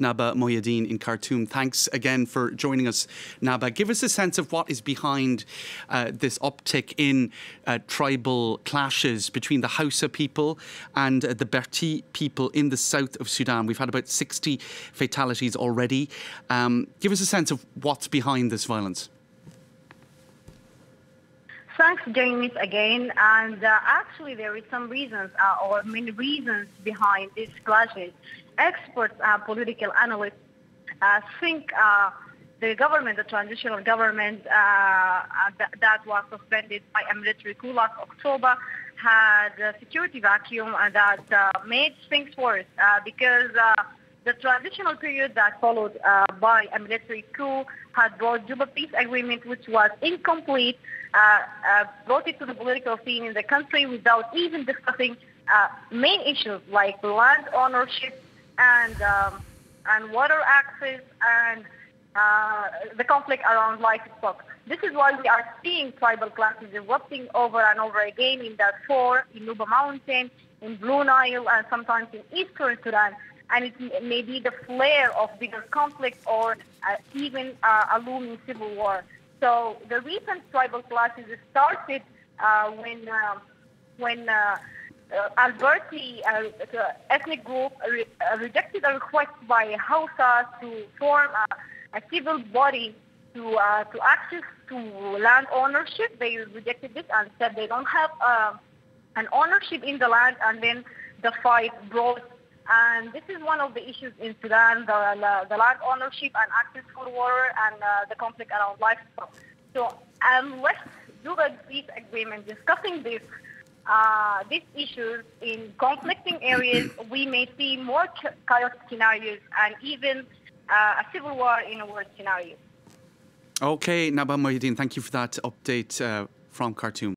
Naba Moyadeen in Khartoum. Thanks again for joining us, Naba. Give us a sense of what is behind uh, this uptick in uh, tribal clashes between the Hausa people and uh, the Berti people in the south of Sudan. We've had about 60 fatalities already. Um, give us a sense of what's behind this violence thanks, for joining us again. And uh, actually, there is some reasons uh, or many reasons behind these clashes. Experts, uh, political analysts uh, think uh, the government, the transitional government uh, th- that was suspended by a military coup last October, had a security vacuum that made things worse because the transitional period that followed uh, by a military coup had brought Juba peace agreement, which was incomplete, uh, uh, brought it to the political scene in the country without even discussing uh, main issues like land ownership and um, and water access and uh, the conflict around livestock. This is why we are seeing tribal clashes erupting over and over again in Darfur, in Nuba Mountain, in Blue Nile, and sometimes in eastern Sudan and it may be the flare of bigger conflict or uh, even uh, a looming civil war. So the recent tribal clashes started uh, when um, when uh, uh, Alberti uh, ethnic group re rejected a request by Hausa to form a, a civil body to to access to land ownership. They rejected this and said they don't have um, an ownership in the land, and then the fight broke. And this is one of the issues in Sudan, the, the land ownership and access for water and uh, the conflict around livestock. So um, let's do a peace agreement discussing this, uh, these issues in conflicting areas. We may see more chaotic scenarios and even uh, a civil war in a worst scenario. Okay, Nabab Mohideen, thank you for that update uh, from Khartoum.